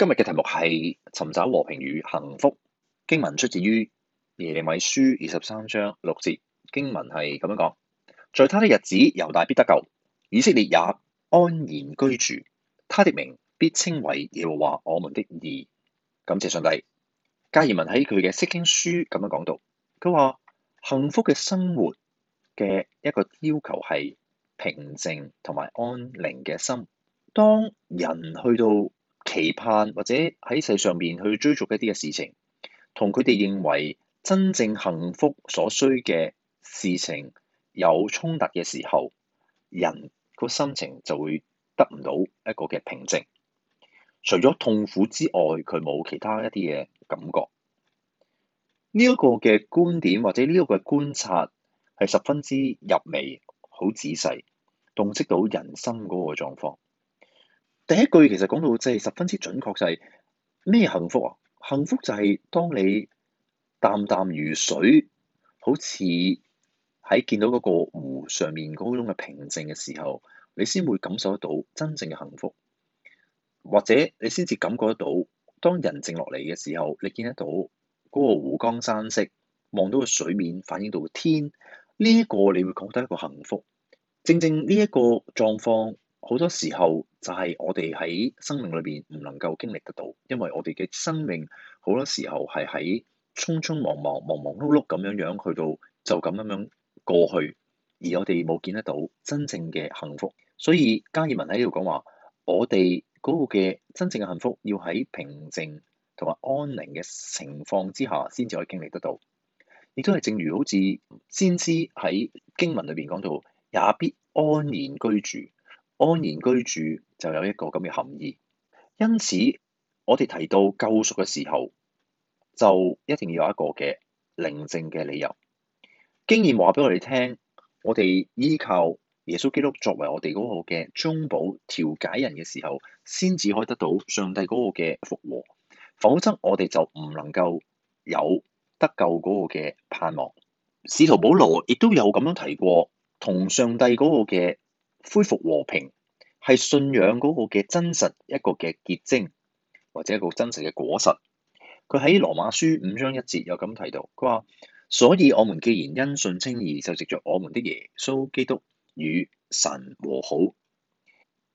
今日嘅題目係尋找和平與幸福。經文出自於耶利米書二十三章六節，經文係咁樣講：在他的日子，猶大必得救；以色列也安然居住。他的名必稱為耶和華我們的義。感謝上帝。加爾文喺佢嘅釋經書咁樣講到，佢話幸福嘅生活嘅一個要求係平靜同埋安寧嘅心。當人去到期盼或者喺世上面去追逐一啲嘅事情，同佢哋認為真正幸福所需嘅事情有衝突嘅時候，人個心情就會得唔到一個嘅平靜，除咗痛苦之外，佢冇其他一啲嘅感覺。呢一個嘅觀點或者呢個嘅觀察係十分之入微、好仔細，洞悉到人生嗰個狀況。第一句其實講到真係十分之準確，就係咩幸福啊？幸福就係當你淡淡如水，好似喺見到嗰個湖上面嗰種嘅平靜嘅時候，你先會感受得到真正嘅幸福，或者你先至感覺得到，當人靜落嚟嘅時候，你見得到嗰個湖光山色，望到個水面反映到個天，呢一個你會覺得一個幸福。正正呢一個狀況。好多時候就係我哋喺生命裏邊唔能夠經歷得到，因為我哋嘅生命好多時候係喺匆匆忙忙、忙忙碌碌咁樣樣去到就咁樣樣過去，而我哋冇見得到真正嘅幸福。所以加爾文喺呢度講話，我哋嗰個嘅真正嘅幸福要喺平靜同埋安寧嘅情況之下先至可以經歷得到。亦都係正如好似先知喺經文裏邊講到，也必安然居住。安然居住就有一個咁嘅含義，因此我哋提到救贖嘅時候，就一定要有一個嘅寧靜嘅理由。經驗話俾我哋聽，我哋依靠耶穌基督作為我哋嗰個嘅中保調解人嘅時候，先至可以得到上帝嗰個嘅復和，否則我哋就唔能夠有得救嗰個嘅盼望。使徒保羅亦都有咁樣提過，同上帝嗰、那個嘅。恢復和平係信仰嗰個嘅真實一個嘅結晶，或者一個真實嘅果實。佢喺羅馬書五章一節有咁提到，佢話：所以我們既然因信稱義，就藉着我們的耶穌基督與神和好。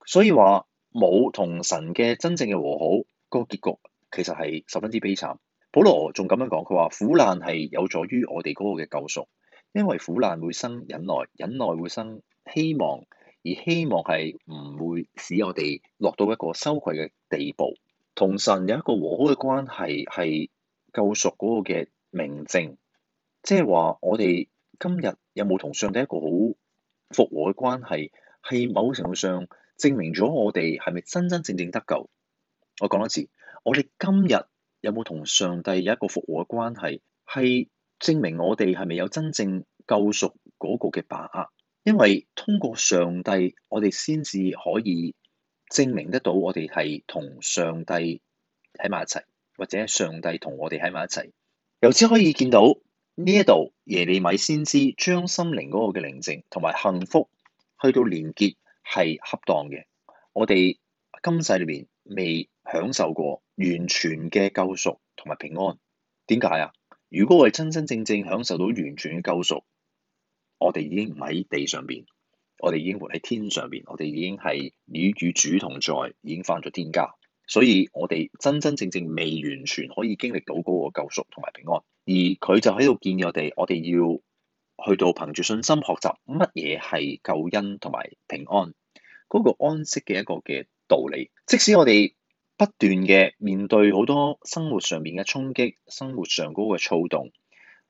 所以話冇同神嘅真正嘅和好，嗰、那個結局其實係十分之悲慘。保羅仲咁樣講，佢話苦難係有助於我哋嗰個嘅救贖，因為苦難會生忍耐，忍耐會生希望。而希望係唔會使我哋落到一個羞愧嘅地步，同神有一個和好嘅關係係救贖嗰個嘅明證，即係話我哋今日有冇同上帝一個好復和嘅關係，係某程度上證明咗我哋係咪真真正正得救。我講多次，我哋今日有冇同上帝有一個復和嘅關係，係證明我哋係咪有真正救贖嗰個嘅把握。因為通過上帝，我哋先至可以證明得到我哋係同上帝喺埋一齊，或者上帝同我哋喺埋一齊。由此可以見到呢一度耶利米先知將心靈嗰個嘅寧靜同埋幸福去到連結係恰當嘅。我哋今世裏面未享受過完全嘅救贖同埋平安。點解啊？如果我哋真真正正享受到完全嘅救贖。我哋已經唔喺地上邊，我哋已經活喺天上邊，我哋已經係與與主同在，已經翻咗天家。所以，我哋真真正正未完全可以經歷到嗰個救贖同埋平安。而佢就喺度建議我哋，我哋要去到憑住信心學習乜嘢係救恩同埋平安嗰個安息嘅一個嘅道理。即使我哋不斷嘅面對好多生活上面嘅衝擊，生活上嗰個躁動，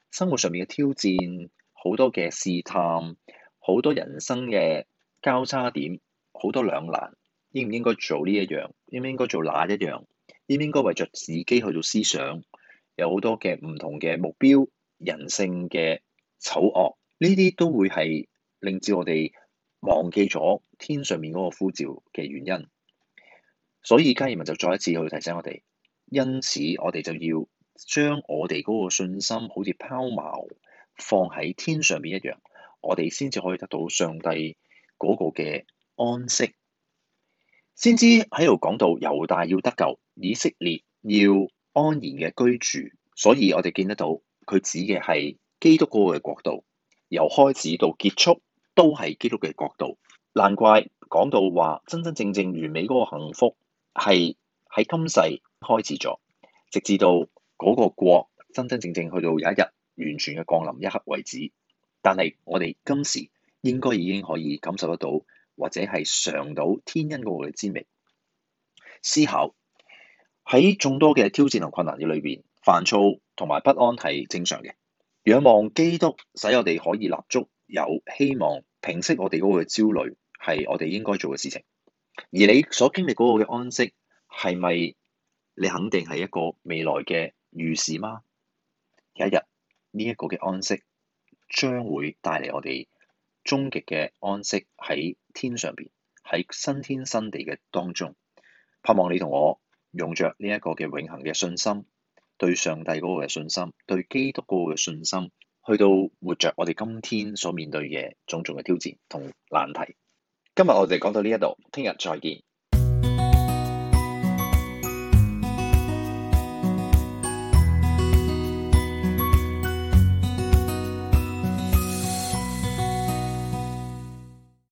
生活上面嘅挑戰。好多嘅試探，好多人生嘅交叉點，好多兩難，應唔應該做呢一樣？應唔應該做那一樣？應唔應該為着自己去做思想？有好多嘅唔同嘅目標、人性嘅醜惡，呢啲都會係令至我哋忘記咗天上面嗰個呼召嘅原因。所以加爾文就再一次去提醒我哋，因此我哋就要將我哋嗰個信心好似拋錨，放喺天上邊一樣，我哋先至可以得到上帝嗰個嘅安息。先知喺度講到猶大要得救，以色列要安然嘅居住，所以我哋見得到佢指嘅係基督嗰個嘅國度，由開始到結束都係基督嘅國度。難怪講到話真真正正完美嗰個幸福係喺今世開始咗，直至到嗰個國真真正正，正去到有一日。完全嘅降臨一刻為止，但係我哋今時應該已經可以感受得到，或者係嘗到天恩嗰個嘅滋味。思考，喺眾多嘅挑戰同困難嘅裏邊，煩躁同埋不安係正常嘅。仰望基督，使我哋可以立足有希望，平息我哋嗰個嘅焦慮，係我哋應該做嘅事情。而你所經歷嗰個嘅安息，係咪你肯定係一個未來嘅預示嗎？有一日。呢一個嘅安息將會帶嚟我哋終極嘅安息喺天上邊，喺新天新地嘅當中，盼望你同我用着呢一個嘅永恆嘅信心，對上帝嗰個嘅信心，對基督嗰個嘅信心，去到活着我哋今天所面對嘅重重嘅挑戰同難題。今日我哋講到呢一度，聽日再見。